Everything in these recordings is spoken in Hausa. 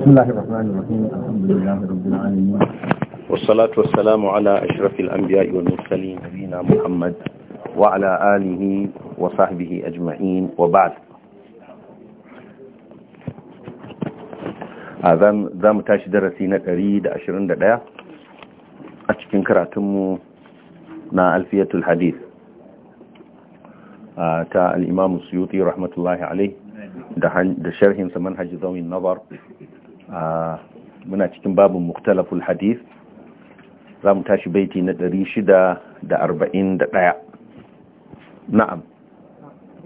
بسم الله الرحمن الرحيم الحمد لله رب العالمين والصلاة والسلام على أشرف الأنبياء والمرسلين نبينا محمد وعلى آله وصحبه أجمعين وبعد هذا آه، ذا متاش درسينا تريد أشرن دا أشكن كراتم نا ألفية الحديث آه، تا الإمام السيوطي رحمة الله عليه ده شرحين سمنهج ذوي النظر muna cikin babin muktalaful hadith za mu tashi baiti na 641 na'am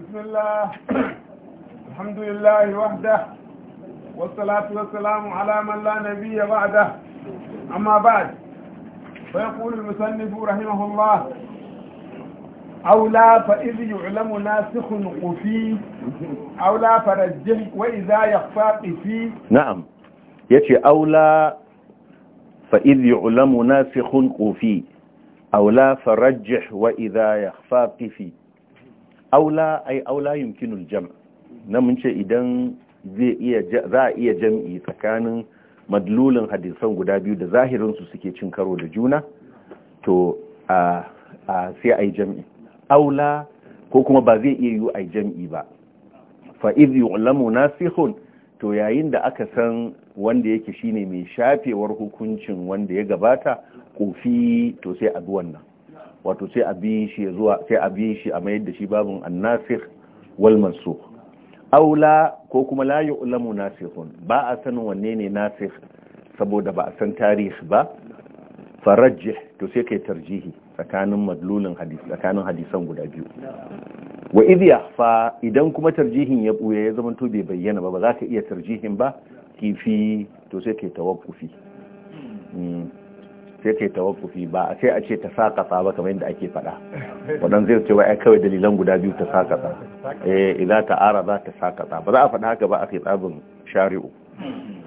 bismillah alhamdulillah wahda wassalatu wassalamu ala man la nabiyya ba'da amma ba'd fa yaqulu al-musannif rahimahullah أو لا فإذ يعلم ناسخ قفي أو لا فرجه وإذا يخفى قفي نعم ya ce aula fa na fi hun qufi aula farajjih wa idha yakhfa qifi aula ai aula yumkinu jam na mun ce idan za a iya jam'i tsakanin madlulin hadisan guda biyu da zahirinsu suke cin karo da juna to a sai a yi jam'i aula ko kuma ba zai iya yi a yi jam'i ba fa'iz yi ulamu nasihun to yayin da aka san wanda yake shine mai shafewar hukuncin wanda ya gabata kofi to sai a bi wannan wato sai a bi shi zuwa sai a bi shi a mayar da shi babun annasir wal mansukh aula ko kuma la ya'lamu nasikhun ba a sanin wanne ne nasikh saboda ba a san tarihi ba farajjih to sai kai tarjihi tsakanin madlulin hadisi tsakanin hadisan guda biyu wa idh fa idan kuma tarjihin ya buya ya zama to bai bayyana ba ba za ka iya tarjihin ba kifi to sai kai tawaffufi hmm. sai kai tawaffufi ba sai a ce ta sakasa ba kamar yadda ake faɗa wadan zai ce wai kawai dalilan guda biyu ta sakasa eh idan ta ara za ta sakasa ba za a faɗa haka ba a kai tsabin shari'u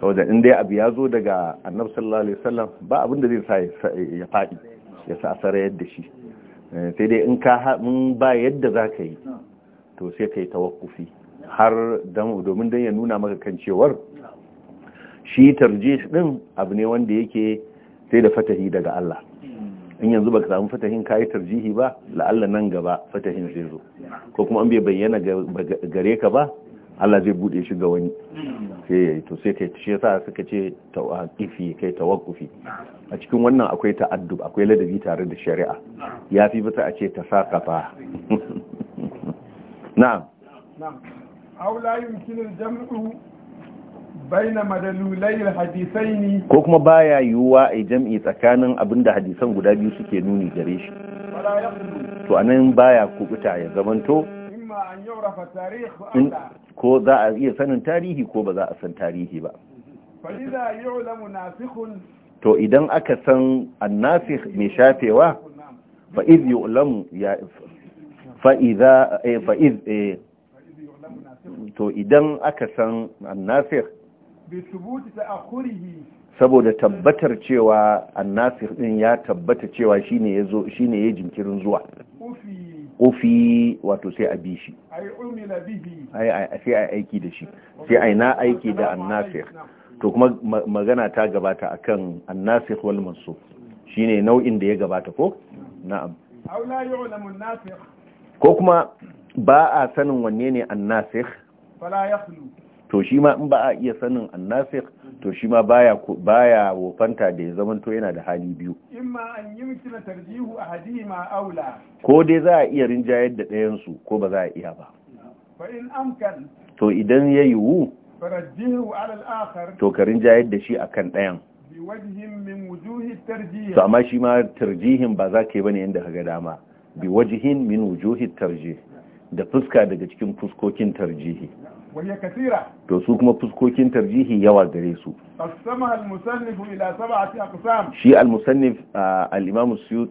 saboda in dai abu ya zo daga annabi sallallahu alaihi wasallam ba abin da zai sa ya faɗi ya sasara yadda shi eh, sai dai in ka ba yadda za ka yi to sai ka yi tawakufi har domin don ya nuna maka kan cewar shi tarjih din abu ne wanda yake sai da fatahi daga Allah in yanzu ba ka samu fatahin kayi tarjihi ba la'alla nan gaba fatahin zai zo ko kuma an bai bayyana gare ka ba Allah zai bude shi ga wani hmm. sai yayi to sai kai shi yasa suka ce tawaqifi kai tawaqufi a cikin wannan akwai ta'addub akwai ladabi tare da shari'a hmm. yafi bisa a ce tasaqafa na'am na'am aw la yumkinu al-jam'u baina madalulai hadisai ko kuma baya yiwuwa a jam'i tsakanin abinda hadisan guda biyu suke nuni gare shi to anan baya kubuta ya zamanto ko za a iya sanin tarihi ko ba za a san tarihi ba to idan aka san annasikh mai shafewa fa iz yu'lamu ya fa idza fa iz to idan aka san annasikh bi thubuti ta'khurihi saboda tabbatar cewa annasir din ya tabbata cewa shine yazo shine ya jinkirin zuwa kofi wato sai a bi shi sai a aiki da shi sai a na aiki da annasir to kuma magana ta gabata akan annasir wal mansub shine nau'in da ya gabata ko na'am ko kuma ba a sanin wanne ne annasir to shi ma in ba a iya sanin annasir to shi ma baya baya wofanta da ya zamanto yana da hali biyu imma an yi yumkina tarjihu ma aula ko dai za a iya rinjayar da ɗayan su ko ba za a iya ba fa in amkan to idan ya yiwu farajjihu ala al-akhar to ka rinjayar da shi akan ɗayan bi wajhin min wujuhi tarjihi to amma shi ma tarjihin ba za ka yi bane yanda kaga dama bi wajhin min wujuhi tarjih da fuska daga cikin fuskokin tarjihi وهي كثيرة to su kuma fuskokin tarjihi yawa gare su qasama al shi al-musannif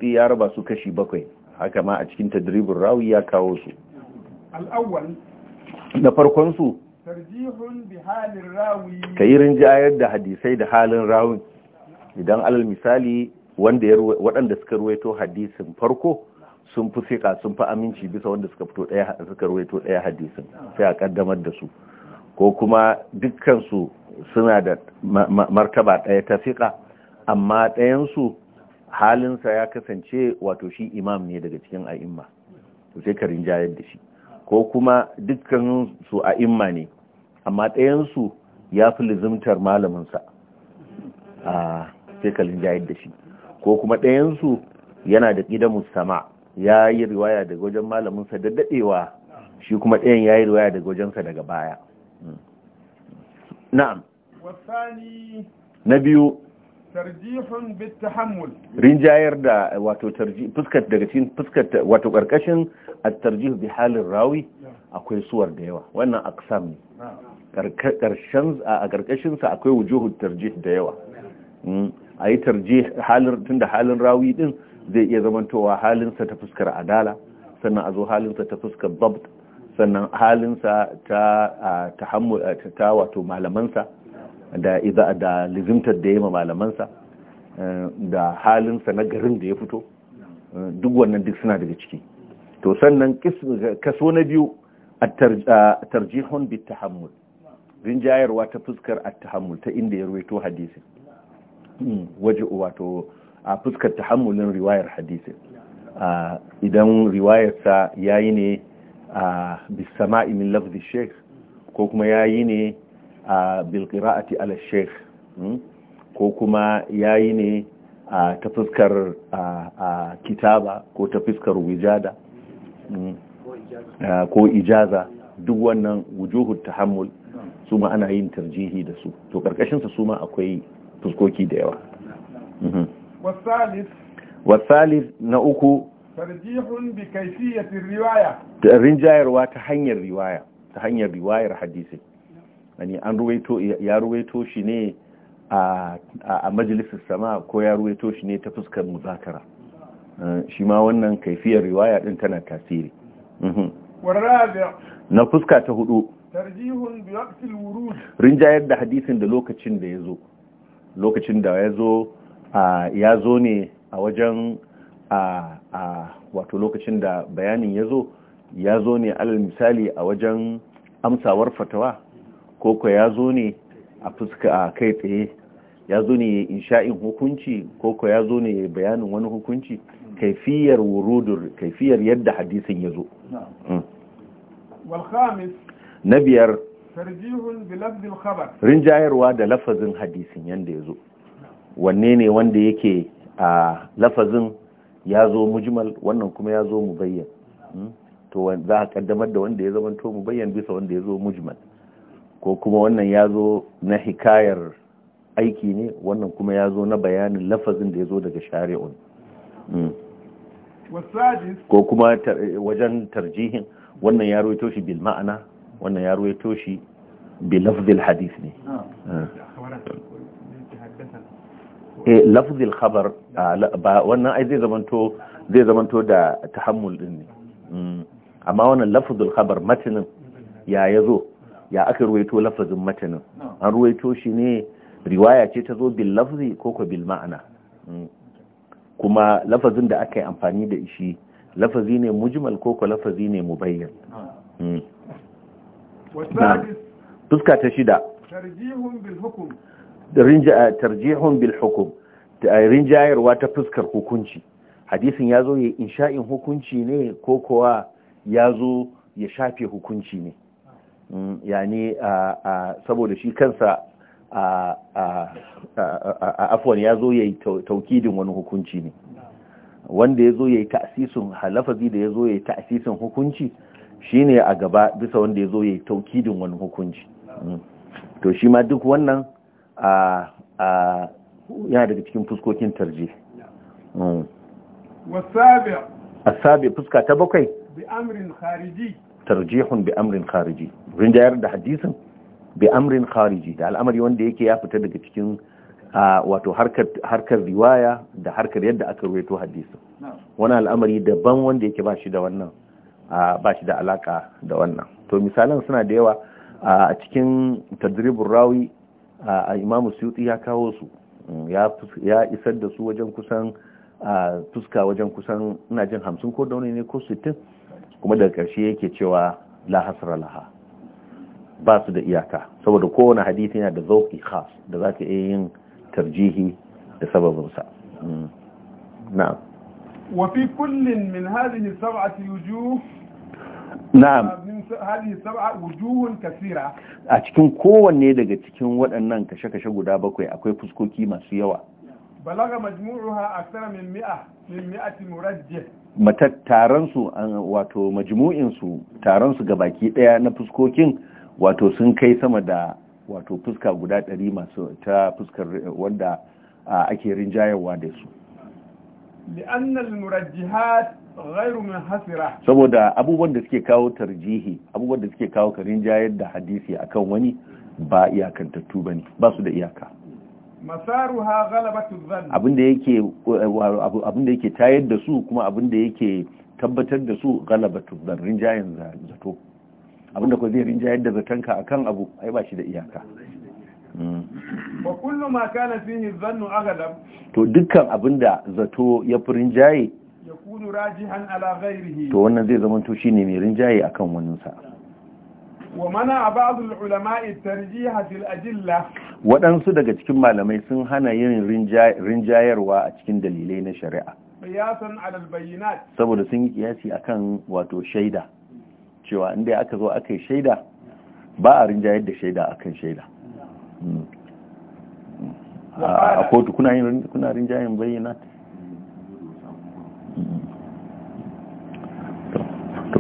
ya raba su kashi bakwai haka ma a cikin tadribur rawi ya kawo su al da farkon su tarjihun bi halir rawi kayirin jayar da hadisai da halin rawin idan alal misali wanda waɗanda suka ruwaito hadisin farko sun fi sika sun fi aminci bisa wanda suka fito ɗaya suka ruwaito ɗaya hadisin sai a kaddamar da su ko kuma dukkansu suna da martaba ɗaya ta sika amma ɗayansu halinsa ya kasance wato shi imam ne daga cikin a'imma to sai ka rinjayar da shi ko kuma su a'imma ne amma ɗayansu ya fi lizimtar malaminsa a ah, sai ka rinjayar da shi ko kuma ɗayansu yana da kidamu sama. ya yi riwaya daga wajen malaminsa da daɗewa shi kuma ɗayan ya yi riwaya daga wajensa daga baya na'am na biyu tarjihun rinjayar da wato fuskat daga cikin fuskat wato ƙarƙashin a tarjihu bi halin rawi akwai suwar da yawa wannan aqsam ne a ƙarƙashinsa sa akwai wujuhu tarjih da yawa hmm. A yi tarjih halin da halin rawi din zai iya zamantowa halinsa ta fuskar adala sannan a zo halinsa ta fuskar babd sannan halinsa ta ta wato malamansa da iza da lizimtar da ya ma malamansa eh, da halinsa na garin da ya fito eh, duk wannan duk suna daga ciki to sannan kaso na biyu a tarjihun bit tahammul rinjayarwa ta fuskar at-tahammul ta inda ya ruwaito hadisi. Hmm, waje wato a fuskar tahammulin riwayar hadisi idan riwayarsa ya yi ne a bisama'i min lafzi sheik ko kuma ya yi ne a bilkira'ati ala sheik hmm? ko kuma ya yi ne a ta fuskar kitaba ko ta fuskar wijada hmm? ko ijaza duk wannan wujuhun tahammul su ma ana yin tarjihi da su to karkashinsa su ma akwai fuskoki da yawa hmm. والثالث والثالث نأكو ترجيح بكيفية الرواية رنجاية رواية تحني الرواية تحني الرواية الحديثة يعني أن رويتو يا رويتو شيني a majalisar sama ko ya ruwaito shi ne ta fuskar muzakara shi ma wannan kaifiyar riwaya din tana tasiri na fuska ta hudu rinjayar da hadisin da lokacin da ya zo lokacin da ya zo ya zo ne a wajen wato lokacin da bayanin ya zo ya zo ne alal misali a wajen amsawar fatawa ko ko ya zo ne a fuska a kai tsaye ya zo ne in sha'in hukunci ko ko ya zo ne bayanin wani hukunci kaifiyar wurudur kaifiyar yadda hadisin ya zo mm. na biyar rinjayarwa da lafazin hadisin yadda ya zo wanne ne wanda yake a lafazin ya zo mujimal wannan kuma ya zo mu bayyan hmm? to za a kaddamar da wanda ya zama to mu bayyan bisa wanda ya zo mujimal ko kuma wannan ya zo na hikayar aiki ne wannan kuma ya zo na bayanin lafazin da ya zo daga shari'un hmm. ko kuma wajen tarjihin wannan ya ruwaito shi bil ma'ana wannan ya ruwaito shi bil lafzil hadith ne ah. Ah. eh lafzil khabar ba wannan ai zai zamanto zai zamanto da tahammul din ne mm. amma wannan lafzul khabar matanin ya yazo ya aka ruwaito lafazin matanin an ruwaito shi ne riwaya ce ta zo bil lafzi ko ko bil ma'ana mm. kuma lafazin da aka yi amfani da shi lafazi ne mujmal ko ko lafazi ne mubayyan mm. fuska ta shida tarjihun bil hukum eh, rinjayarwa ta fuskar hukunci hadisin ya zo ya insha'in hukunci ne ko kowa ya zo ya shafe hukunci ne mm, yani saboda shi kansa Afon ya zo ya yi taukidin wani hukunci ne wanda ya zo ya yi ta'asisun halafazi da ya zo ya yi ta'asisun hukunci shi ne a gaba bisa wanda ya zo ya yi taukidin wani hukunci mm. to shi ma duk wannan yana daga cikin fuskokin tarji mm. asabi fuska ta bakwai tarjihun bi amrin khariji rinjayar da hadisin bi amrin khariji da al'amari wanda yake ya fita daga cikin wato harkar riwaya da harkar yadda aka ruwaito hadisin wani al'amari daban wanda yake ba shi da wannan ba shi da alaka da wannan to misalan suna da yawa a cikin tadribin rawi a imamu suyuti ya kawo su ya isar da su wajen kusan a fuska wajen kusan ina jin hamsin ko daune ne ko sittin kuma daga ƙarshe yake cewa la hasra laha ba su da iyaka saboda kowane hadisi yana da zauki khas da za ka iya yin tarjihi da sababinsa mm. na'am wa fi kullin min hadhihi sab'ati wujuh na'am a cikin kowanne daga cikin waɗannan kashe-kashe guda bakwai akwai fuskoki masu yawa balaga majmu'uha aksara min mi'a min mi'ati murajjih Matar, su wato majmu'in su taron su gabaki daya na fuskokin wato sun kai sama da wato fuska guda ɗari masu ta fuskar wanda ake rinjayarwa da su li'annal murajjihat saboda abubuwan da suke kawo tarjihi abubuwan da suke kawo karin jayar da hadisi akan wani ba iyakantattu bane ba su da iyaka Abin da yake abinda yake tayar da su kuma abinda yake tabbatar da su ghalabatu zan rinjayen zato abinda ko zai rinjayar da a kan abu ai ba shi da iyaka ba hmm. kullum ma kana fihi dhannu aghlab to dukkan abinda zato ya furin jaye yakunu rajihan ala ghairihi to wannan zai zama to shine mai rinjaye akan wannan sa wa mana ba'd al-ulama at fil ajilla wadansu daga cikin malamai sun hana yin rinjayarwa a cikin dalilai na shari'a qiyasan ala al-bayinat saboda sun yi kiyasi akan wato shaida cewa inda aka zo aka yi shaida ba a rinjayar da shaida akan shaida hmm. a kotu kuna yin kuna rinjayen bayinat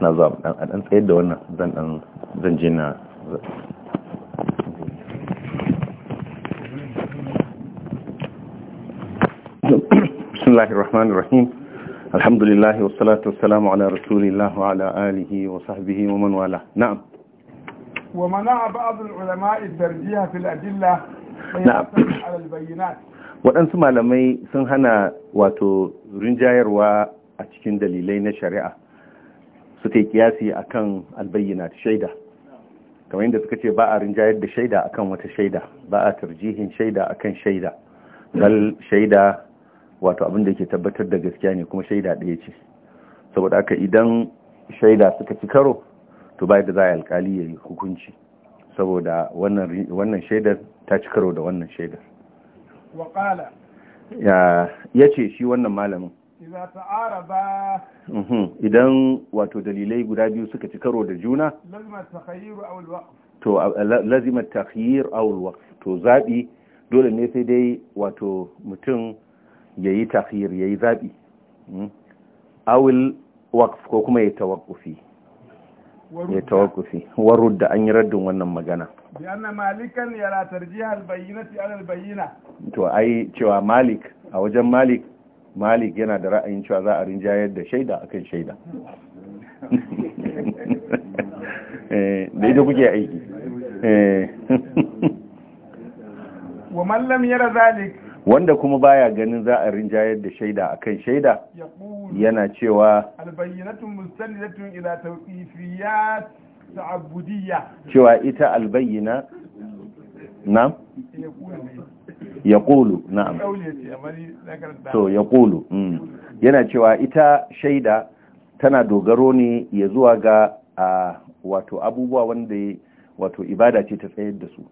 na za a ɗan tsayar da wannan zan ɗan zan je na Bismillahirrahmanirrahim Alhamdulillahi wassalatu wassalamu ala Rasulillah wa ala alihi wa sahbihi wa man wala na'am wa mana ba'd al-ulama ad-darjiha fi al-adilla na'am ala al-bayinat waɗansu malamai sun hana wato rinjayarwa a cikin dalilai na shari'a ta yi kiyasi akan albayyana ta shaida kamar yadda suka ce ba a rinjayar da shaida akan wata shaida ba a tarjihin shaida akan shaida bal shaida wato abin da ke tabbatar da gaskiya ne kuma shaida ɗaya ce saboda aka idan shaida suka ci karo to bai da za a alkali ya yi hukunci saboda wannan shaidar ta ci karo da wannan shaidar ya ce shi wannan malamin idan wato dalilai guda biyu suka ci karo da juna to lazima takhyir aw alwaqf to zabi dole ne sai dai wato mutum yayi takhyir yayi zabi aw alwaqf ko kuma ya tawaqqufi ya tawaqqufi warudda an yi raddin wannan magana yana malikan yara tarjiha albayyinati ala albayyina to ai cewa malik a wajen malik malik yana da ra'ayin cewa za a rinjayar da shaida akan shaida eh, da ita kuke aiki eh. wa mallam yara zalik wanda kuma baya ganin za a rinjayar da shaida akan shaida yana cewa albayyinatun mustandatun ila ta ta'abbudiyya cewa ita albayyana na yaqulu na'am to yaqulu mm. yana cewa ita shaida tana dogaro ne ya zuwa ga wato abubuwa wanda wato ibada ce ta tsayar da su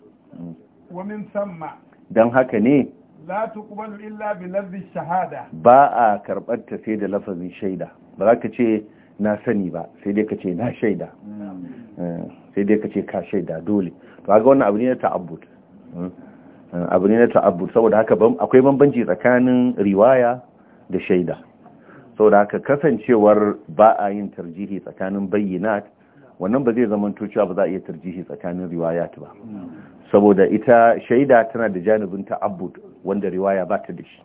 don mm. haka ne la tuqbalu illa bi lafzi shahada ba a karɓar ta sai da lafazin shaida ba za ka ce na sani ba sai dai ka ce na shaida eh, sai dai ka ce ka shaida dole to ga wannan abu ne na ta'abbud mm. abu ne na ta'abbud saboda haka akwai bambanci tsakanin riwaya da shaida saboda haka kasancewar ba a yin tarjihi tsakanin bayyinat wannan ba zai zama cewa ba za a iya tarjihi tsakanin ta ba saboda ita shaida tana da janibin ta'abu wanda riwaya ba ta da shi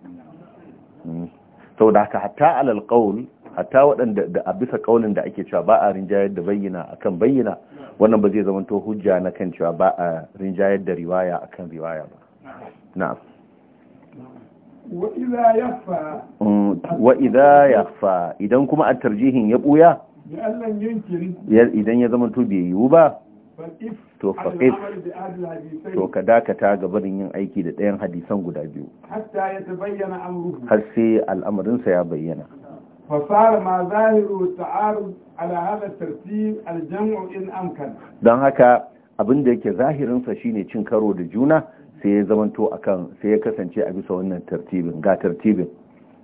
hmm. saboda haka hatta alal hatta waɗanda da a bisa ƙaunin da ake cewa ba a rinjayar da bayyana akan bayyana wannan ba zai zama to hujja na kan cewa ba a rinjayar da riwaya akan riwaya ba na'am mm, wa idha yakhfa idan kuma a tarjihin ya buya idan ya zama to bai yiwu ba to faqif to ka dakata ga barin yin aiki da ɗayan hadisan guda biyu har sai al'amarinsa ya bayyana فصار ما ظاهر التعارض على هذا الترتيب الجمع إن أمكن don haka abin da yake zahirinsa shine cin karo da juna sai ya zamanto akan sai ya kasance a bisa wannan tartibin ga tartibin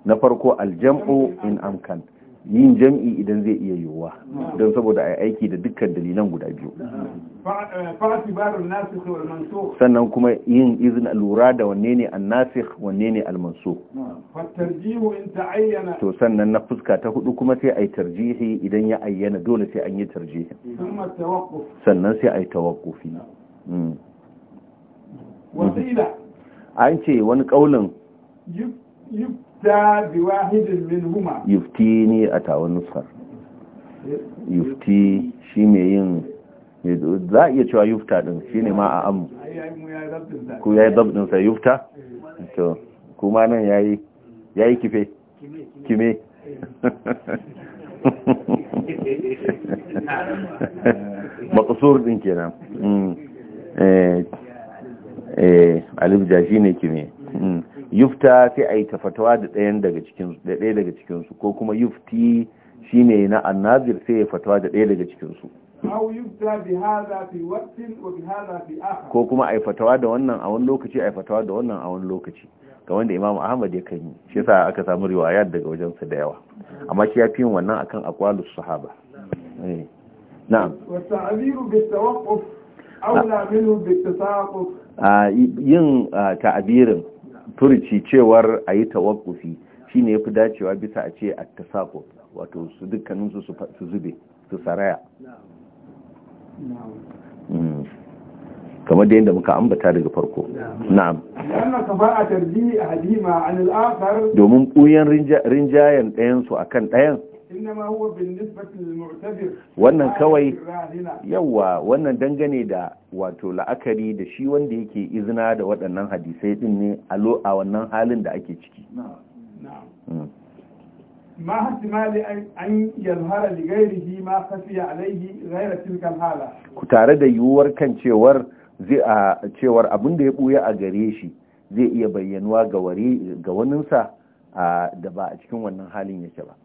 na farko aljam'u in amkan yin jam'i idan zai iya yiwuwa don saboda a aiki da dukkan dalilan guda biyu sannan kuma yin izin lura da wanne ne nasir wanne ne almanso to sannan na fuska ta hudu kuma sai a yi tarjihi idan ya ayyana dole sai an yi tarjihi sannan sai a yi tawakkufi hmm. an ce wani kaulin yufta bi wahidin minhuma yufti ne a tawon nusar eh, yufti shi mai yin za a iya cewa yufta din shi ne ma a amu ku ya yi zabdinsa yufta eh. to kuma nan ya yi kife kime eh. makasur din kenan mm. Eh, alif ja ne kime hmm. yufta sai a yi ta fatawa da ɗaya daga cikinsu ko kuma yufti shi ne na annazir sai ya fatawa da ɗaya daga cikinsu ko kuma a yi fatawa da wannan a wani lokaci a yi fatawa da wannan a wani lokaci ga wanda imam ahmad ya kan shi sa aka samu riwaya daga wajensa da yawa amma shi ya fi yin wannan akan aqwalus sahaba eh. na'am wa ta'abiru bi tawaqquf yin ta'abirin furici cewar a yi tawakufi shi ne ya fi dacewa bisa a ce a tasako wato su dukkaninsu su zube su saraya kamar da yadda muka ambata daga farko na'am domin ɓuyan rinjayen ɗayansu kan ɗayan wannan kawai yawa wannan dangane da wato la'akari da shi wanda yake izina da waɗannan hadisai din ne a wannan halin da ake ciki ma hatimali an yalhara da gairihi ma kafiya alaihi gaira tilkan hala ku tare da yiwuwar kan cewar zai a cewar abin da ya buya a gare shi zai iya bayyanuwa ga waninsa da ba a cikin wannan halin yake ba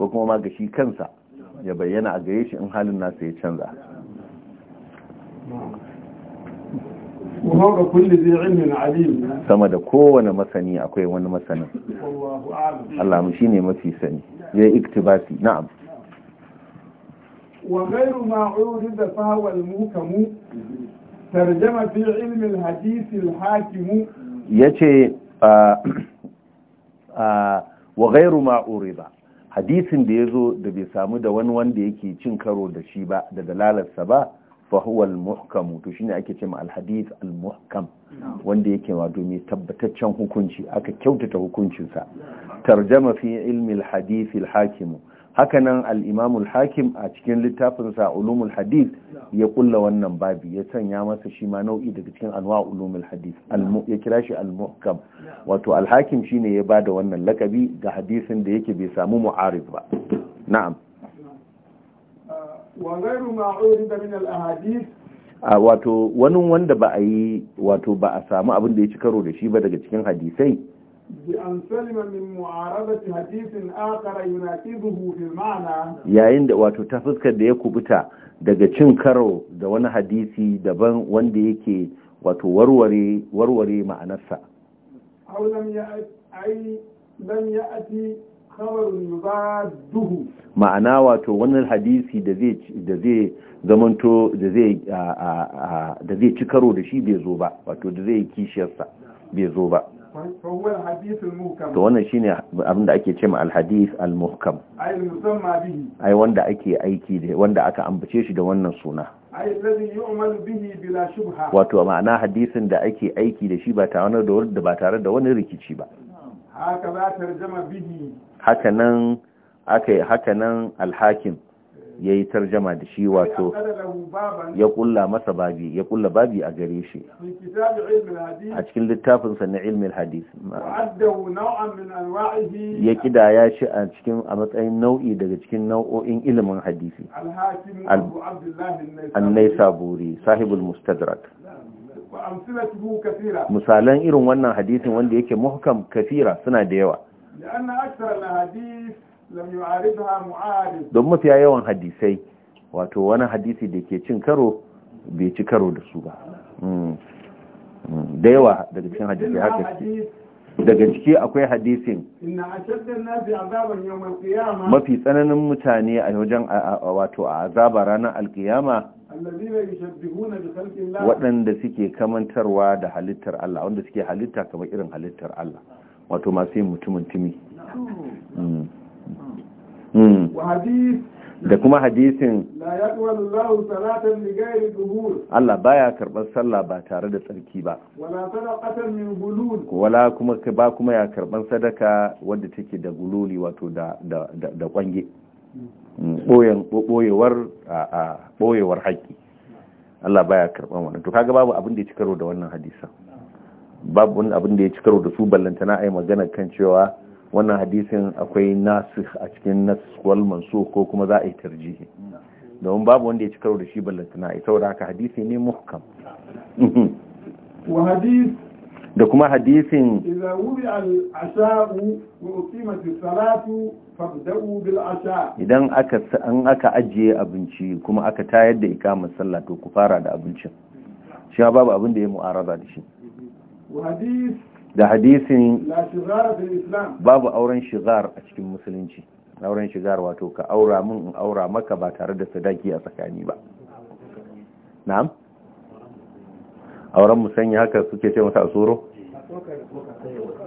ko kuma ma ga shi kansa ya bayyana a gare shi in halin nasa ya canza sama da kowane masani akwai wani masanin Allah mu shine mafi sani ya yi iktibasi na'am wa ghairu ma urida fa wal mukamu tarjama fi ilmi al hadith al hakim yace ah, ah, wa ghairu ma urida hadisin da ya zo da bai samu da wani wanda yake cin karo da shi ba da dalalarsa ba fahuwal muhkamu to shine ake cewa al-hadith al-muhkam wanda yake wa domin tabbataccen hukunci aka kyautata hukuncinsa tarjama fi ilmi al-hadith al-hakimu hakanan al'imamul hakim a cikin littafinsa ulumul hadith ya kulla wannan babi ya sanya masa shi ma nau'i daga cikin anwa ulumul hadith ya kira shi al-muhkam wato al-hakim ne ya ba da wannan lakabi ga hadisin da yake bai samu mu'arif ba na'am wato wani wanda ba a yi wato ba a samu abin da ya ci karo da shi ba daga cikin hadisai بأن سلم من معارضة حديث آخر يناقضه في المعنى yayin da wato ta fuskar da ya kubuta daga cin karo da wani hadisi daban wanda yake wato warware warware ma'anarsa aw lam ya'ti lam ya'ti khabarun yubadduhu ma'ana wato wannan hadisi da zai da zai zamanto da zai da zai ci karo da shi bai zo ba wato da zai kishiyarsa bai zo ba to wannan shine abin da ake cewa almuhkam ai musamma bihi ai wanda ake aiki da wanda aka ambace shi da wannan suna Ai bihi bila shubha. wato ma'ana hadisin da ake aiki da shi ba tare da da ba tare da wani rikici ba haka nan akai haka nan alhakim ya yi tarjama da shi wato ya kulla masa babi ya kulla babi a gare shi a cikin littafinsa na ilmin hadis ya kidaya shi a cikin a matsayin nau'i daga cikin nau'o'in ilimin hadisi annai saburi sahibul mustadrak misalan irin wannan hadisin wanda yake muhkam kafira suna da yawa don mafiya yawan hadisai wato wani hadisi da ke cin karo bai ci karo da su ba hmm. Hmm. da yawa daga cikin hadisi haka ce daga ciki akwai hadisin mafi tsananin mutane a wajen wato a azaba ranar alkiyama waɗanda suke kamantarwa da halittar Allah wanda suke halitta kamar irin halittar Allah wato masu yin mutumin timi Hmm. da kuma hadisin Allah baya karɓar sallah ba tare da tsarki ba wala kuma ba kuma ya karɓar sadaka wadda take da gululi wato da kwange ɓoyewar hmm. haƙƙi Allah baya karɓar wannan to kaga babu abin da ya ci karo da wannan hadisan babu abin da ya ci karo da su ballantana a yi magana kan cewa wannan hadisin akwai nasikh a cikin nasikh wal mansukh ko kuma za a yi tarjihi domin babu wanda ya ci karo da shi ballantana ya saboda haka hadisi ne muhkam wa da kuma hadisin idza wuri al asha'u wa uqimat as-salatu fabda'u bil asha idan aka an aka ajiye abinci kuma aka tayar da ikamar sallah to ku fara da abincin shi babu abin da ya mu'arada da shi wa da hadisin babu auren shigar a cikin musulunci auren shigar wato ka aura mun in aura maka ba tare da sadaki a tsakani ba na'am auren musanya haka suke ce masa asuro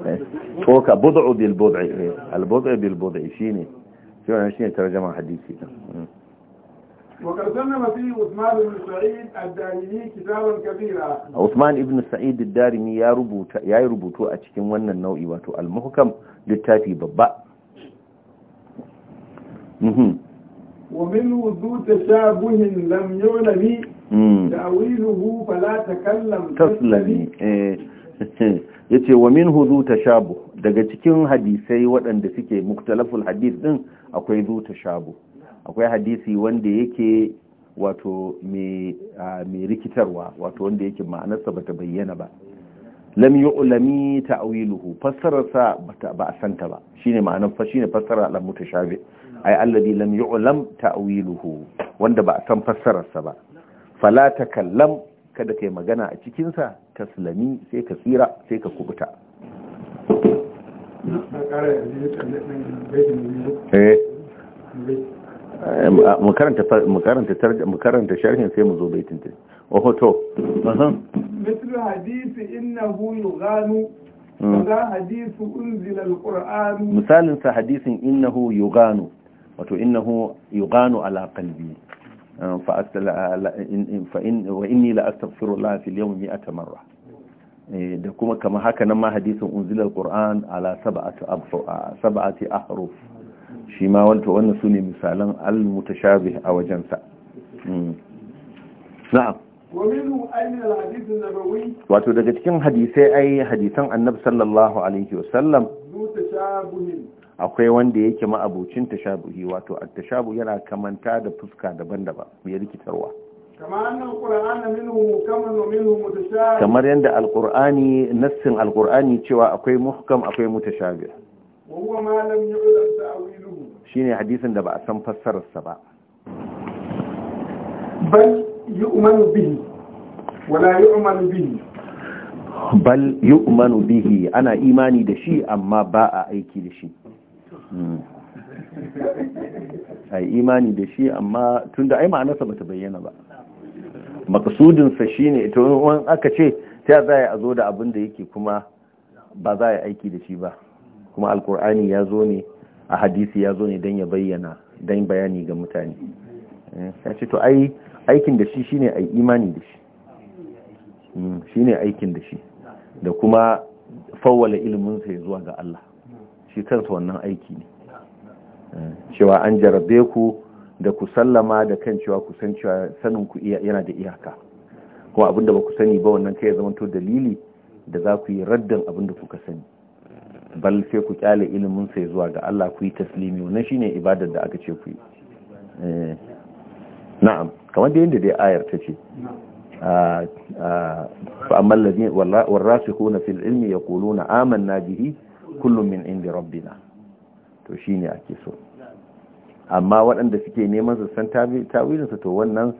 eh, toka bud'u bil bud'i eh, al bud'u bil bud'i shine shi shine tarjaman hadisi hmm. وقد صنف فيه عثمان بن سعيد الدارمي كتابا كبيرا عثمان بن سعيد الدارمي يا ربوت يا ربوتو a cikin wannan nau'i wato al-muhkam littafi babba mhm ومن وجود تشابه لم يعلم تأويله فلا تكلم تسلمي yace wa min hudu tashabu daga cikin hadisai waɗanda suke muktalaful hadith din akwai zu tashabu akwai hadisi wanda yake wato mai rikitarwa wato wanda yake ma'anarsa bata bayyana ba lam ta auyiluhu fassararsa ba a santa ba shine ma'anar fa shine fassara al a yi alladhi lam ta auyiluhu wanda ba a san fassararsa ba fala kallam kada ka yi magana a cikinsa taslami sai ka tsira sai ka kubuta eh mu karanta sharhin sai mu zo baitin ta o hoto. mislu hadisi innahu yughanu kaza hmm. hadisu unzila alquran misalin sa hadisin innahu yughanu wato innahu yughanu ala qalbi ah, fa fa in wa inni la 100 marra eh, da kuma kama haka nan ma hadisin unzila alquran ala sab'ati ah, sab'ati ahruf shi ma wanto wannan su ne misalan al-mutashabih a wajensa hmm. na'am wato daga cikin hadisai ai hadisan annab sallallahu alaihi wasallam akwai wanda yake ma'abucin tashabuhi wato at-tashabu yana kamanta da fuska daban-daban mai rikitarwa kamar yadda alkur'ani nassin alkur'ani cewa akwai muhkam akwai mutashabih shine hadisin da ba a san fassararsa ba bal yu'manu bihi wala yu'manu bihi bal yu'manu bihi ana imani da shi amma ba a aiki da shi hmm. ai imani da shi amma tunda ai ma'anarsa bata bayyana ba makasudinsa shine to wani aka ce ta za a zo da abin da yake kuma ba za a aiki da shi ba kuma alkur'ani ya zo ne a hadisi ya zo ne don ya bayyana don bayani ga mutane eh, ya ce to aikin da shi shine ai imani da shi hmm, shine aikin da shi da kuma fawwala iliminsa ya zuwa ga Allah shi kansa wannan aiki ne eh, cewa an jarabe ku da ku sallama da kan cewa ku san cewa sanin ku yana da iyaka kuma abinda ba ku sani ba wannan kai ya zama to dalili da za ku yi raddan abinda kuka sani bal sai ku kyale ilimin sai zuwa ga Allah ku yi taslimi wannan shine ibadar da aka ce ku yi eh. na'am kamar da yadda dai ayar ta ce ah, ah, fa amma allazina warasikhuna fil ilmi yaquluna amanna bihi kullum min indi rabbina to shine ake so amma waɗanda suke neman su san tawilin su to wannan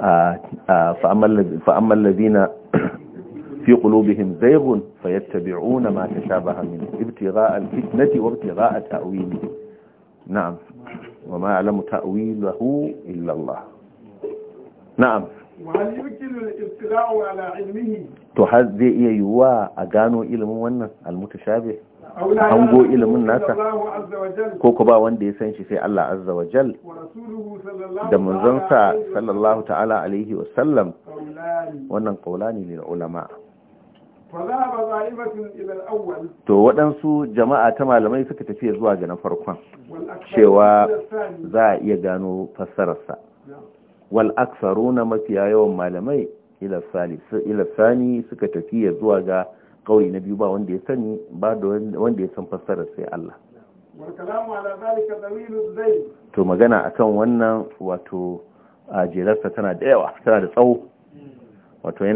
ah, fa amma allazina في قلوبهم زيغ فيتبعون ما تشابه من ابتغاء الفتنة وابتغاء تأويله نعم وما أعلم تأويله إلا الله نعم وهل يمكن الابتلاء على علمه تحذي إيه يواء إلى إلم ون المتشابه أنقو إلم الناس كوكبا وان سنشي في الله عز وجل ورسوله صلى الله, صلى الله تعالى عليه وسلم وان قولاني للعلماء to waɗansu jama'a ta malamai suka tafi zuwa ga na farkon cewa za a iya gano fassararsa wal aksaruna mafiya yawan malamai ila suka tafi zuwa ga kauli na biyu ba wanda ya sani ba da wanda ya san fassarar sai Allah to magana akan wannan wato a jerarsa tana da yawa tana da tsawo wato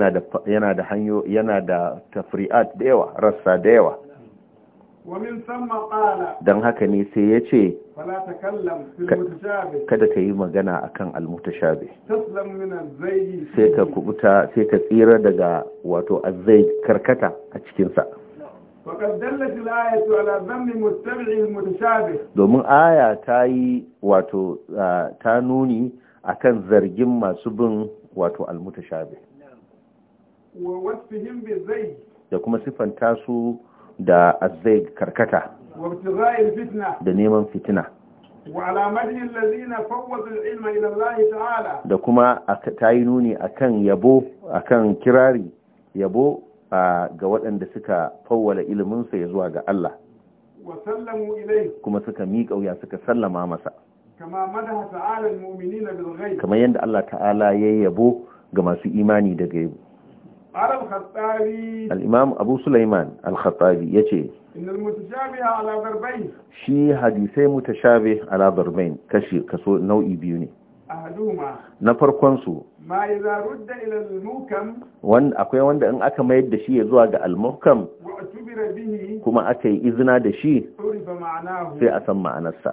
yana da hanyo yana da tafri'at da yawa rassa da yawa don haka ne sai ya ce kada ka yi magana a kan almutashabe sai ka kubuta sai ka tsira daga wato zai karkata a cikinsa domin aya ta yi wato ah, ta nuni akan zargin masu bin wato almutashabe da kuma siffanta su da azai karkata da neman fitina da kuma ta yi nuni akan yabo akan kirari yabo ga waɗanda suka fawwala iliminsa ya zuwa ga Allah kuma suka miƙa wuya suka sallama masa kamar yadda Allah ta'ala ya yabo ga masu imani daga yabo Arab Khattabi Abu Sulaiman Al-Khattabi yace Innal mutashabiha ala darbayn shi hadisai mutashabih ala darbayn kashi kaso nau'i biyu ne na farkon su akwai wanda in aka mayar da shi ya zuwa ga al-muhkam kuma aka yi izina da shi sai a san ma'anarsa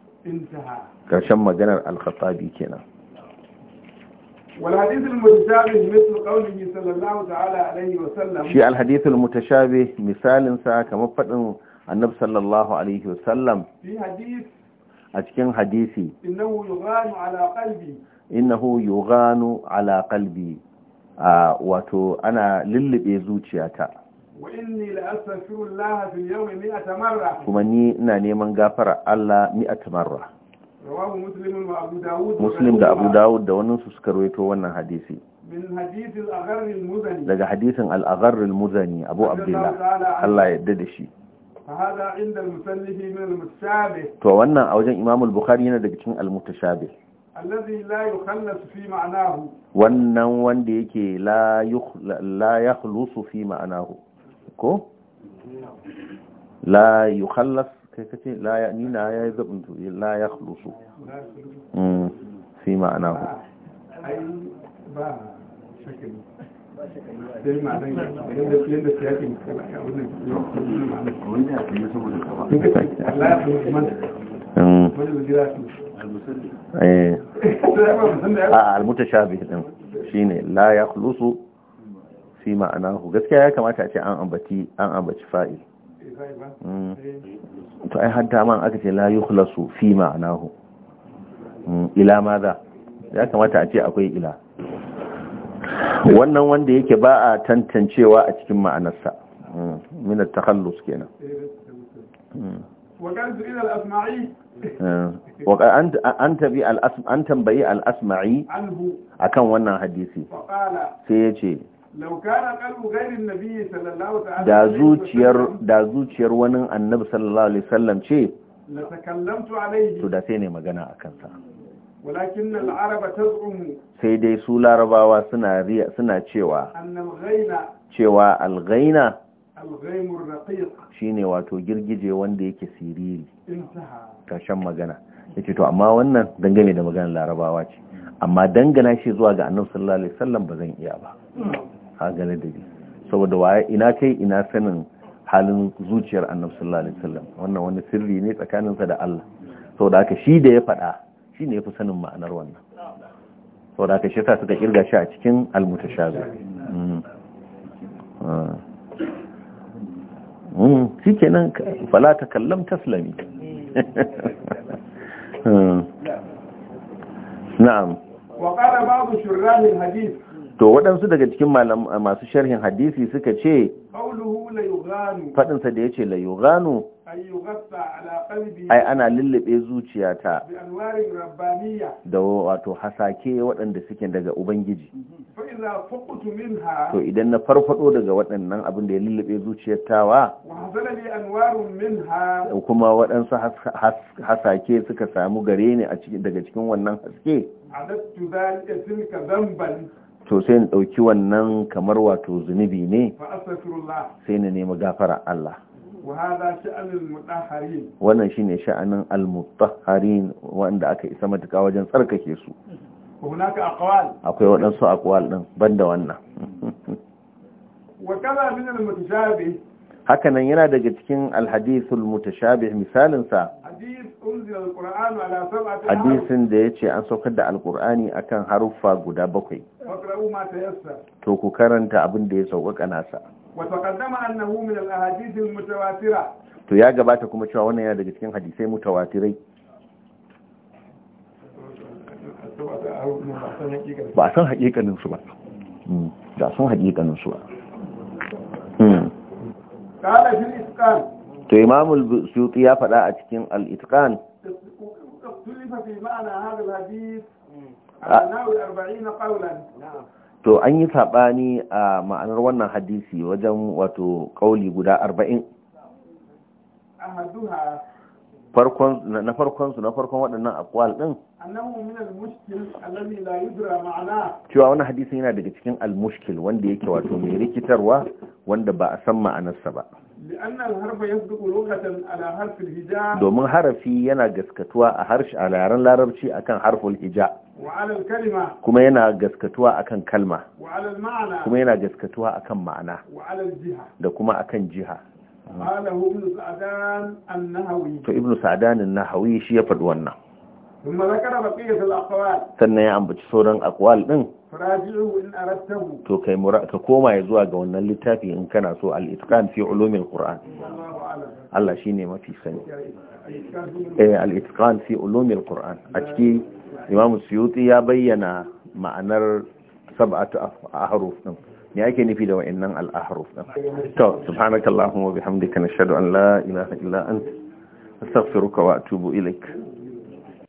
ƙarshen maganar alkhattabi kenan shi alhadithul mutashabi misalin sa kamar faɗin annab sallallahu alaihi wasallam a cikin hadisi innahu yughanu ala qalbi wato ana lullube zuciyata kuma ni ina neman gafara Allah a tamarra. muslim da abu dawud da wani su suka rawaito wannan hadisi daga hadisin al al-muzani abu abdullah Allah ya yarda shi to wannan a wajen imam al-bukhari yana daga cikin al-mutashabih wannan wanda yake la la yakhlusu fi ma'anahu. ko la yukhallas kai kace la ya ni na ya zabun to la ya khulusu mm fi ma'ana ku ai ba المتشابه شيني لا يخلص fi ma'anahu gaskiya ya kamata a ce an ambaci an ambaci fa'il mm. to ai hatta man aka ce la yukhlasu fi ma'anahu mm. ila madha ya kamata a ce akwai ila wannan wanda yake ba a tantancewa a cikin ma'anarsa mm. min at-takhallus kenan wa kan su'ila al-asma'i an tambayi al-asma'i akan wannan hadisi sai ya ce da zuciyar da zuciyar wani annabi sallallahu alaihi wasallam ce to da sai ne magana a kansa sai dai su larabawa suna suna cewa cewa alghaina shine wato girgije wanda yake siriri kashan magana yace to amma wannan dangane da maganar larabawa ce amma dangana shi zuwa ga annabi sallallahu alaihi wasallam ba zan iya ba hmm. da ladabi saboda waye ina kai ina sanin halin zuciyar annabi sallallahu alaihi wasallam wannan wani sirri ne tsakaninsa da Allah saboda haka shi da ya faɗa shi ne ya fi sanin ma'anar wannan saboda haka shi sa suka kirga shi a cikin almutashabi mm. ah. mm, shi kenan fala ta kallam taslami ah. na'am وقال بعض شراح الحديث to waɗansu daga cikin masu sharhin hadisi suka ce faɗinsa da ya ce layuganu ai ana lullube zuciyata da wato hasake waɗanda suke daga ubangiji mhm. to idan na farfado daga waɗannan abin da ya lullube zuciyatawa kuma waɗansu hasake suka samu gare ne daga cikin wannan haske to sai na ɗauki wannan kamar wato zunubi ne sai na nemi gafara Allah wannan shi ne sha'anin almutaharin wanda aka isa matuka wajen tsarkake su akwai waɗansu akwal ɗin ban da wannan hakanan yana daga cikin alhadithul mutashabih misalinsa hadisin da ya ce an saukar da alkur'ani akan haruffa guda bakwai to ku karanta abin da ya sauƙaƙa nasa to ya gabata kuma cewa wannan yana daga cikin hadisai mutawatirai ba a san su ba ba hmm, a san su ba hmm. to imamul suyuti ya faɗa a cikin al-itqan to an yi saɓani a ma'anar wannan hadisi wajen wato kauli guda arba'in na farkon su na farkon waɗannan akwal ɗin cewa wani hadisin yana daga cikin almushkil wanda yake wato mai rikitarwa wanda ba a san ma'anarsa ba domin harafi yana gaskatuwa a harshe a yaren larabci akan harful hija kuma yana gaskatuwa akan kalma kuma yana gaskatuwa akan ma'ana da kuma akan jiha to ibnu sa'adan na nahawi shi ya faɗi wannan sannan ya ambaci sauran akwal ɗin to kai ka koma ya zuwa ga wannan littafi in kana so al-itqan fi ulumil qur'an Allah shine mafi sani eh al-itqan fi ulumil qur'an a ciki Imam Suyuti ya bayyana ma'anar sab'atu ahruf din me ake nufi da wa'annan al-ahruf din to subhanakallahumma wa bihamdika nashhadu an la ilaha illa anta astaghfiruka wa atubu ilaik